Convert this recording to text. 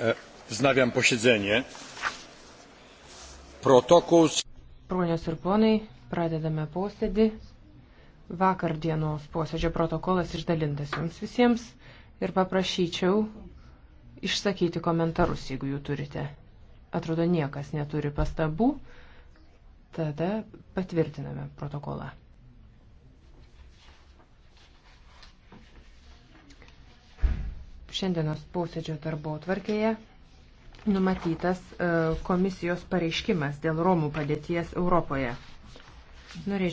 E, Znaviam posėdzenį. Protokols. Ponios ir ponai, pradedame posėdį. Vakar dienos posėdžio protokolas išdalintas jums visiems ir paprašyčiau išsakyti komentarus, jeigu jų turite. Atrodo, niekas neturi pastabų, tada patvirtiname protokolą. Šiandienos posėdžio darbo tvarkėje numatytas e, komisijos pareiškimas dėl Romų padėties Europoje. Norėčiau